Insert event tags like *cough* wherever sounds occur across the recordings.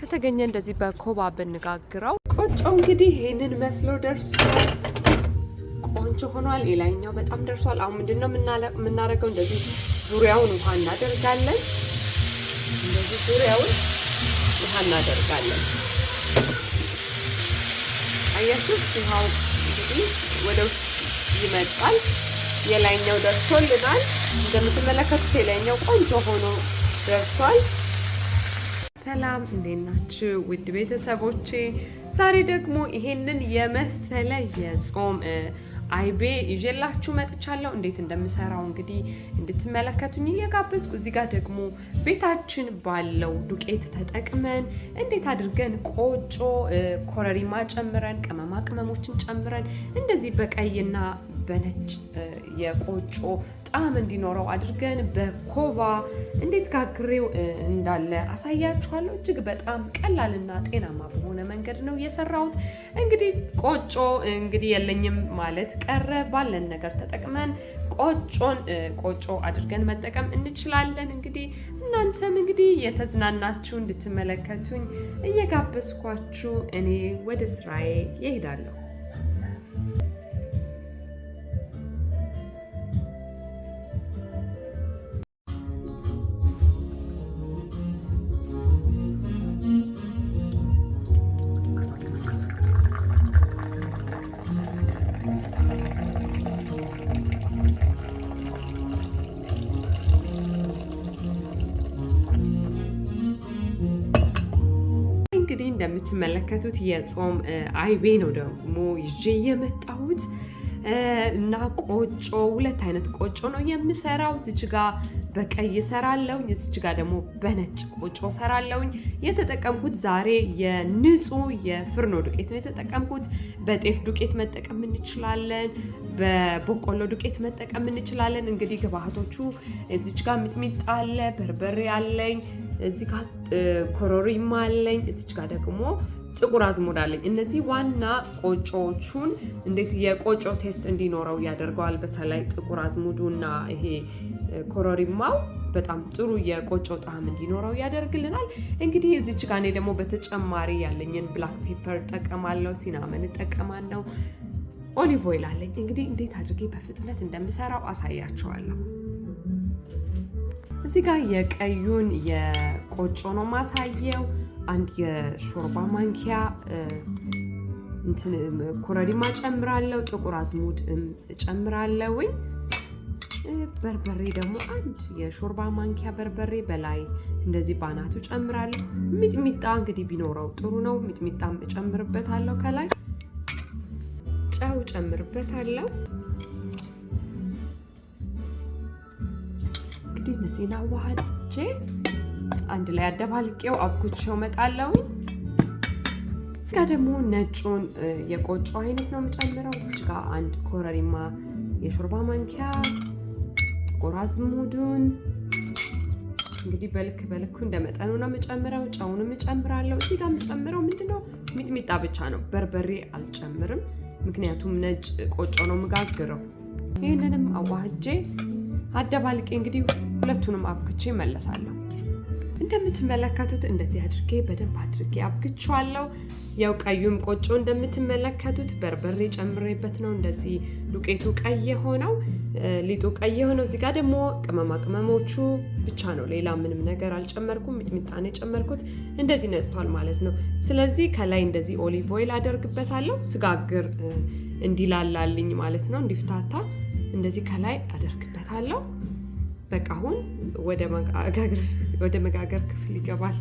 ከተገኘ እንደዚህ በኮባ ብንጋግረው ቆጮ እንግዲህ ይህንን መስሎ ደርሶ ቆንጆ ሆኗል። ሌላኛው በጣም ደርሷል። አሁን ምንድን ነው የምናደርገው? እንደዚህ ዙሪያውን ውሃ እናደርጋለን። እንደዚህ ዙሪያውን ውሃ እናደርጋለን። አያችሁ፣ ውሃው እንግዲህ ወደ ውስጥ ይመጣል። የላይኛው ደርሶልናል። እንደምትመለከቱት የላይኛው ቆንጆ ሆኖ ደርሷል። ሰላም እንዴት ናችሁ ውድ ቤተሰቦቼ? ዛሬ ደግሞ ይሄንን የመሰለ የጾም አይቤ ይዤላችሁ መጥቻለሁ። እንዴት እንደምሰራው እንግዲህ እንድትመለከቱኝ እየጋበዝኩ እዚህ ጋር ደግሞ ቤታችን ባለው ዱቄት ተጠቅመን እንዴት አድርገን ቆጮ ኮረሪማ ጨምረን ቅመማ ቅመሞችን ጨምረን እንደዚህ በቀይና በነጭ የቆጮ ጣዕም እንዲኖረው አድርገን በኮባ እንዴት ጋግሬው እንዳለ አሳያችኋለሁ። እጅግ በጣም ቀላልና ጤናማ በሆነ መንገድ ነው የሰራሁት። እንግዲህ ቆጮ እንግዲህ የለኝም ማለት ቀረ። ባለን ነገር ተጠቅመን ቆጮን ቆጮ አድርገን መጠቀም እንችላለን። እንግዲህ እናንተም እንግዲህ የተዝናናችሁ እንድትመለከቱኝ እየጋበዝኳችሁ እኔ ወደ ስራዬ ይሄዳለሁ። እንግዲህ እንደምትመለከቱት የጾም አይቤ ነው ደግሞ ይዤ የመጣሁት እና ቆጮ ሁለት አይነት ቆጮ ነው የምሰራው። እዚች ጋ በቀይ ሰራለውኝ፣ እዚች ጋ ደግሞ በነጭ ቆጮ ሰራለውኝ። የተጠቀምኩት ዛሬ የንጹህ የፍርኖ ዱቄት ነው የተጠቀምኩት። በጤፍ ዱቄት መጠቀም እንችላለን፣ በበቆሎ ዱቄት መጠቀም እንችላለን። እንግዲህ ግብአቶቹ እዚች ጋ ሚጥሚጣ አለ፣ በርበሬ አለኝ እዚህ ጋር ኮረሪማ አለኝ። እዚች ጋር ደግሞ ጥቁር አዝሙድ አለኝ። እነዚህ ዋና ቆጮቹን እንዴት የቆጮ ቴስት እንዲኖረው ያደርገዋል። በተለይ ጥቁር አዝሙዱና ይሄ ኮረሪማው በጣም ጥሩ የቆጮ ጣዕም እንዲኖረው ያደርግልናል። እንግዲህ እዚች ጋር እኔ ደግሞ በተጨማሪ ያለኝን ብላክ ፔፐር እጠቀማለሁ፣ ሲናመን እጠቀማለሁ፣ ኦሊቭ ኦይል አለኝ። እንግዲህ እንዴት አድርጌ በፍጥነት እንደምሰራው አሳያቸዋለሁ። እዚህ ጋር የቀዩን የቆጮ ነው ማሳየው። አንድ የሾርባ ማንኪያ ኮረሪማ ጨምራለሁ። ጥቁር አዝሙድ ጨምራለሁኝ። በርበሬ ደግሞ አንድ የሾርባ ማንኪያ በርበሬ በላይ እንደዚህ ባናቱ ጨምራለሁ። ሚጥሚጣ እንግዲህ ቢኖረው ጥሩ ነው። ሚጥሚጣም እጨምርበታለሁ። ከላይ ጨው ጨምርበታለሁ። እነዚህን አዋሃድጄ አንድ ላይ አደባልቄው አብኩቼው እመጣለሁኝ። ጋ ደግሞ ነጩን የቆጮ አይነት ነው የምጨምረው። እዚች ጋር አንድ ኮረሪማ የሾርባ ማንኪያ፣ ጥቁር አዝሙዱን እንግዲህ በልክ በልኩ እንደ መጠኑ ነው የምጨምረው። ጨውንም እጨምራለሁ። እዚህ ጋር የምጨምረው ምንድነው ሚጥሚጣ ብቻ ነው፣ በርበሬ አልጨምርም። ምክንያቱም ነጭ ቆጮ ነው ምጋግረው። ይህንንም አዋህጄ አደባልቄ እንግዲህ ሁለቱንም አብክቼ መለሳለሁ። እንደምትመለከቱት እንደዚህ አድርጌ በደንብ አድርጌ አብክቸዋለሁ። ያው ቀዩም ቆጮ እንደምትመለከቱት በርበሬ ጨምሬበት ነው እንደዚህ ዱቄቱ ቀይ የሆነው ሊጡ ቀይ የሆነው። እዚህ ጋር ደግሞ ቅመማ ቅመሞቹ ብቻ ነው፣ ሌላ ምንም ነገር አልጨመርኩም። ሚጥሚጣን የጨመርኩት እንደዚህ ነጽቷል ማለት ነው። ስለዚህ ከላይ እንደዚህ ኦሊቭ ኦይል አደርግበታለሁ ስጋግር እንዲላላልኝ ማለት ነው እንዲፍታታ እንደዚህ ከላይ አደርግበታለሁ። በቃ አሁን ወደ መጋገር ክፍል ይገባል።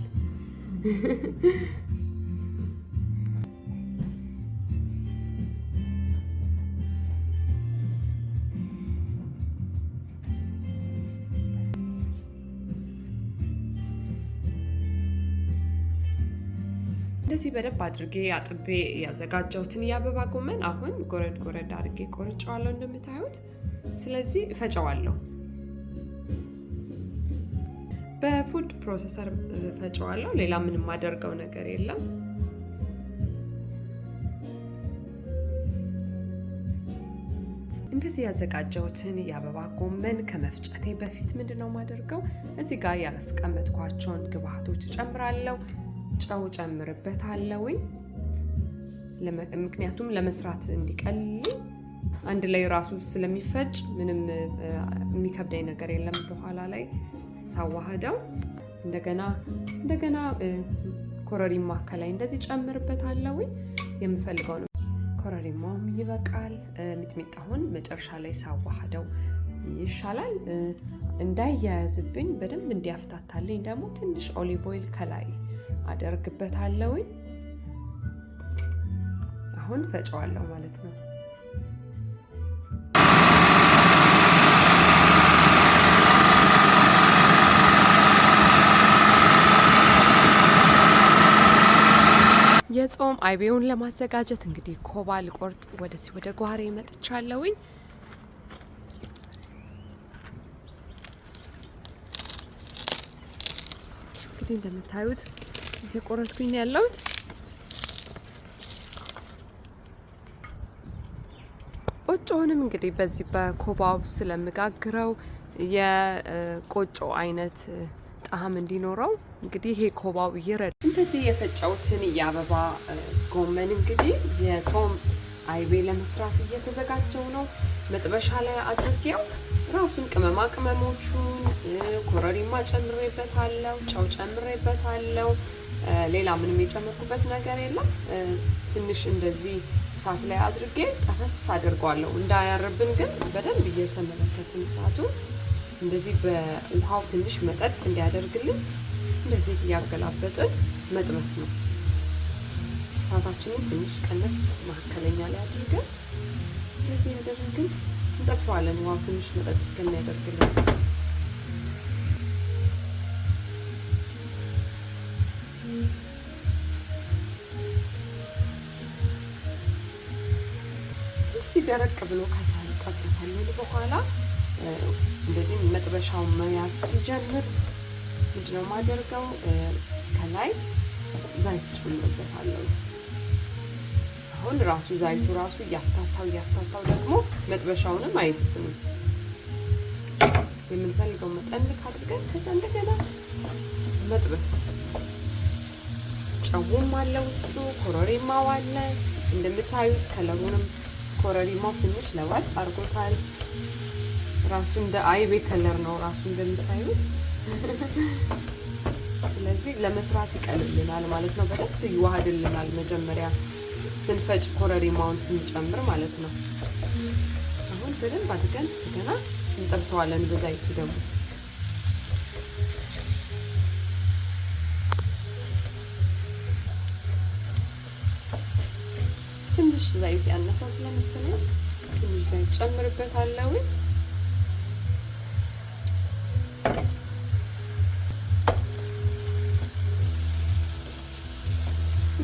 እንደዚህ በደንብ አድርጌ አጥቤ ያዘጋጀሁትን የአበባ ጎመን አሁን ጎረድ ጎረድ አድርጌ ቆርጬዋለሁ እንደምታዩት። ስለዚህ እፈጨዋለሁ። በፉድ ፕሮሰሰር እፈጨዋለሁ። ሌላ ምንም የማደርገው ነገር የለም። እንደዚህ ያዘጋጀሁትን የአበባ ጎመን ከመፍጨቴ በፊት ምንድን ነው የማደርገው? እዚህ ጋር ያስቀመጥኳቸውን ግብአቶች እጨምራለሁ። ጨው ጨምርበታለሁኝ፣ ምክንያቱም ለመስራት እንዲቀልልኝ አንድ ላይ ራሱ ስለሚፈጭ ምንም የሚከብደኝ ነገር የለም። በኋላ ላይ ሳዋህደው እንደገና እንደገና ኮረሪማ ከላይ እንደዚህ ጨምርበታለሁኝ። የምፈልገው ነው። ኮረሪማውም ይበቃል። ሚጥሚጣሁን መጨረሻ ላይ ሳዋህደው ይሻላል። እንዳያያዝብኝ በደንብ እንዲያፍታታልኝ ደግሞ ትንሽ ኦሊቭ ኦይል ከላይ አደርግበታለሁኝ። አሁን ፈጨዋለሁ ማለት ነው። ለማንኛውም አይቤውን ለማዘጋጀት እንግዲህ ኮባ ልቆርጥ ወደዚህ ወደ ጓሬ መጥቻለሁኝ። እንግዲህ እንደምታዩት እየቆረጥኩኝ ያለሁት ቆጮውንም እንግዲህ በዚህ በኮባው ስለምጋግረው የቆጮ አይነት ጣዕም እንዲኖረው እንግዲህ ይሄ ኮባው ይረዳ። እንደዚህ የፈጨውትን የአበባ ጎመን እንግዲህ የጾም አይቤ ለመስራት እየተዘጋጀው ነው። መጥበሻ ላይ አድርጌው ራሱን ቅመማ ቅመሞቹን ኮረሪማ ጨምሬበታለሁ፣ ጨው ጨምሬበታለሁ። ሌላ ምንም የጨመርኩበት ነገር የለም። ትንሽ እንደዚህ እሳት ላይ አድርጌ ጠፈስ አድርጓለሁ። እንዳያርብን ግን በደንብ እየተመለከትን እሳቱን እንደዚህ በውሃው ትንሽ መጠጥ እንዲያደርግልን እንደዚህ እያገላበጥን መጥበስ ነው። እሳታችንን ትንሽ ቀነስ መካከለኛ ላይ አድርገን እንደዚህ ያደረግን እንጠብሰዋለን። ውሃው ትንሽ መጠጥ እስከሚያደርግልን እንደዚህ ደረቅ ብሎ ከተጠበሰልን በኋላ እንደዚህ መጥበሻው መያዝ ሲጀምር ምንድነው የማደርገው? ከላይ ዘይት ጨምርበታለሁ። አሁን ራሱ ዘይቱ ራሱ እያፍታታው እያፍታታው ደግሞ መጥበሻውንም አይዝትም። የምንፈልገው መጠን ልክ አድርገን ከዛ እንደገና መጥበስ። ጨውም አለ ውስጡ፣ ኮረሪማው አለ እንደምታዩት። ከለሩንም ኮረሪማው ትንሽ ለዋል አድርጎታል። ራሱ እንደ አይቤ ከለር ነው ራሱ እንደምታዩት። ስለዚህ ለመስራት ይቀልልናል ማለት ነው። በደንብ ይዋሃድልናል መጀመሪያ ስንፈጭ ኮረሪማውን ስንጨምር ማለት ነው። አሁን በደንብ አድርገን ገና እንጠብሰዋለን። በዛይቱ ደግሞ ትንሽ ዘይት ያነሰው ስለመሰለኝ ትንሽ ዘይት ጨምርበታለሁ።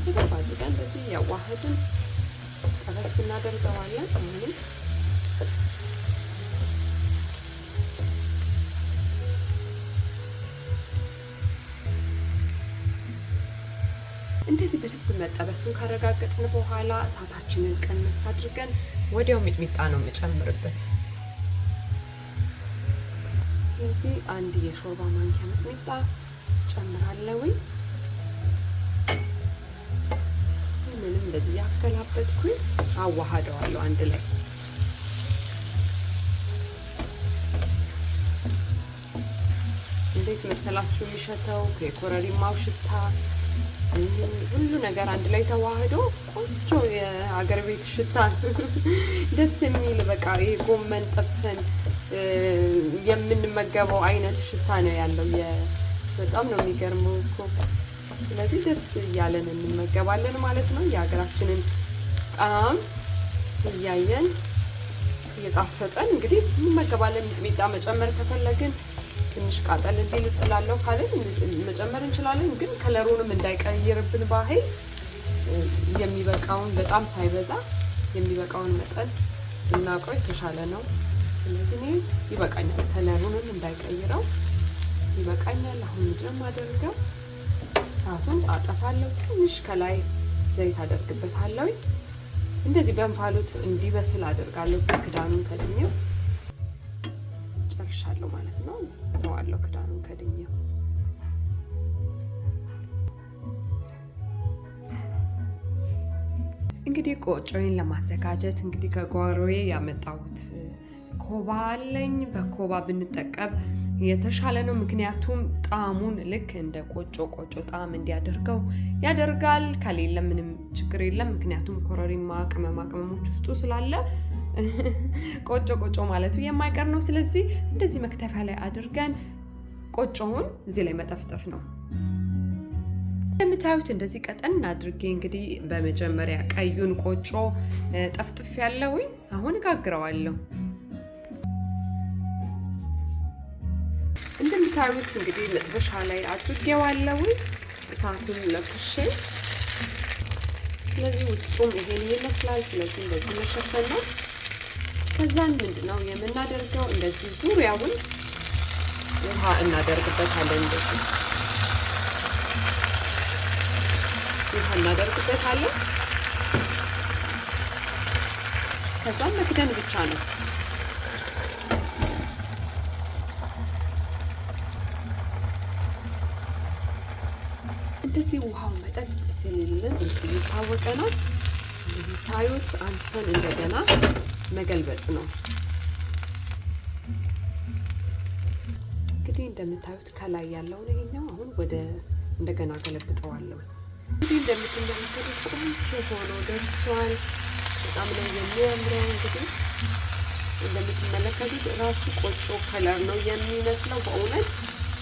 በደንብ አድርገን እንደዚህ እያዋህድን ቀበስ እናደርገዋለን። አሁንም እንደዚህ በደንብ መጠበሱን ካረጋገጥን በኋላ እሳታችንን ቀንስ አድርገን ወዲያው ሚጥሚጣ ነው የምጨምርበት። ስለዚህ አንድ የሾርባ ማንኪያ ሚጥሚጣ ጨምራለሁኝ። ምንም እንደዚህ ያገላበጥኩኝ አዋሃደዋለሁ አንድ ላይ እንዴት መሰላችሁ የሚሸተው የኮረሪማው ሽታ ሁሉ ነገር አንድ ላይ ተዋህዶ ቆንጆ የሀገር ቤት ሽታ ደስ የሚል በቃ የጎመን ጠብሰን የምንመገበው አይነት ሽታ ነው ያለው። በጣም ነው የሚገርመው እኮ ስለዚህ ደስ እያለን እንመገባለን ማለት ነው። የሀገራችንን ጣዕም እያየን እየጣፈጠን እንግዲህ እንመገባለን። ሚጥሚጣ መጨመር ከፈለግን ትንሽ ቃጠል እንዲል ጥላለው ካለን መጨመር እንችላለን። ግን ከለሩንም እንዳይቀይርብን ባህል የሚበቃውን በጣም ሳይበዛ የሚበቃውን መጠን ብናውቀው የተሻለ ነው። ስለዚህ እኔ ይበቃኛል፣ ከለሩንም እንዳይቀይረው ይበቃኛል። አሁን ምንድን አደርገው እሳቱን አጠፋለሁ። ትንሽ ከላይ ዘይት አደርግበታለሁ። እንደዚህ በእንፋሎት እንዲበስል አደርጋለሁ። ክዳኑን ከድኜው ጨርሻለሁ ማለት ነው። ተዋለሁ ክዳኑን ከድኜው እንግዲህ ቆጮዬን ለማዘጋጀት እንግዲህ ከጓሮዬ ያመጣሁት ኮባ አለኝ። በኮባ ብንጠቀም የተሻለ ነው። ምክንያቱም ጣዕሙን ልክ እንደ ቆጮ ቆጮ ጣዕም እንዲያደርገው ያደርጋል። ከሌለ ምንም ችግር የለም። ምክንያቱም ኮረሪማ ቅመማ ቅመሞች ውስጡ ስላለ *laughs* ቆጮ ቆጮ ማለቱ የማይቀር ነው። ስለዚህ እንደዚህ መክተፊያ ላይ አድርገን ቆጮውን እዚህ ላይ መጠፍጠፍ ነው። እንደምታዩት እንደዚህ ቀጠን አድርጌ እንግዲህ በመጀመሪያ ቀዩን ቆጮ ጠፍጥፍ ያለውኝ አሁን እጋግረዋለሁ። እንደምታዩት እንግዲህ መጥበሻ ላይ አድርጌዋለሁ። እሳቱን ለኩሼ ስለዚህ ውስጡም ይሄን ይመስላል። ስለዚህ እንደዚህ መሸፈን ነው። ከዛን ምንድን ነው የምናደርገው? እንደዚህ ዙሪያውን ውሃ እናደርግበታለን። እንደዚህ ውሃ እናደርግበታለን። ከዛም መክደን ብቻ ነው። እንደዚህ ውሃው መጠጥ ስልልን የሚታወቀ ነው። እንደምታዩት አንስተን እንደገና መገልበጥ ነው። እንግዲህ እንደምታዩት ከላይ ያለውን ይሄኛው አሁን ወደ እንደገና ገለብጠዋለሁ። እንግዲህ እንደምት እንደምትሉ ቆንጆ ሆኖ ደርሷል። በጣም ነው የሚያምረው። እንግዲህ እንደምትመለከቱት ራሱ ቆጮ ከለር ነው የሚመስለው በእውነት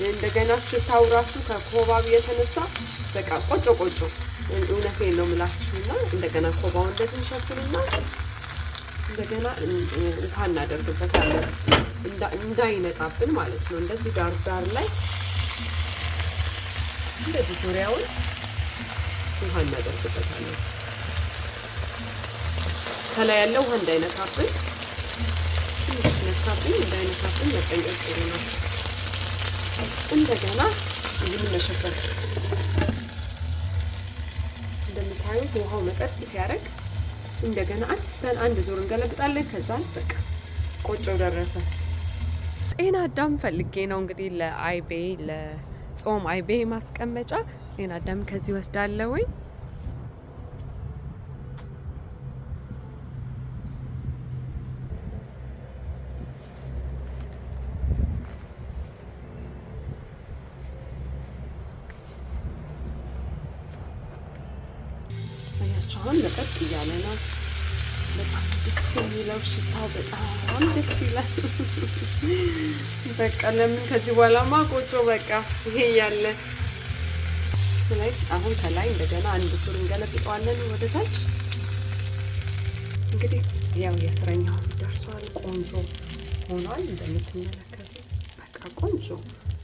እንደገና ሽታው ራሱ ከኮባብ የተነሳ በቃ ቆጮ ቆጮ እውነቴን ነው ምላችሁና እንደገና ኮባው እንደዚህ እንሸፍንና እንደገና ውሃ እናደርግበታለን እንዳይነጣብን ማለት ነው። እንደዚህ ዳር ዳር ላይ እንደዚህ ዙሪያውን ውሃ እናደርግበታለን። ከላይ ያለው ውሃ እንዳይነካብን ትንሽ ነካብን እንዳይነካብን መጠንቀቅ ጥሩ ነው። እንደገና ይህን መሸፈን እንደምታዩት ውሃው መጠጥ ሲያደርግ እንደገና አትስተን አንድ ዙር እንገለብጣለን። ከዛ በቃ ቆጮው ደረሰ። ጤና አዳም ፈልጌ ነው እንግዲህ ለአይቤ ለጾም አይቤ ማስቀመጫ ጤና አዳም ከዚህ ወስዳለሁኝ። ደስ የሚለው ሽታው በጣም ደስ ይላል። በቃ ለምን ከዚህ በኋላማ ቆጮ በቃ ይሄ ያለ ላይ አሁን ከላይ እንደገና አንድ ዙር እንገለብጠዋለን ወደ ታች። እንግዲህ ያው የስረኛው ደርሷል። ቆንጆ ሆኗል እንደምትመለከቱ በቃ ቆንጆ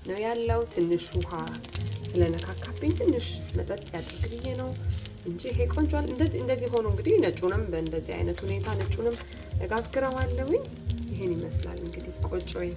ነው ያለው። ትንሽ ውሃ ስለነካካብኝ ትንሽ መጠጥ ያድርግ ብዬ ነው እንጂ ይሄ ቆንጆል። እንደዚህ እንደዚህ ሆኖ እንግዲህ ነጩንም በእንደዚህ አይነት ሁኔታ ነጩንም እጋግረዋለሁኝ። ይሄን ይመስላል እንግዲህ ቆጮዬ።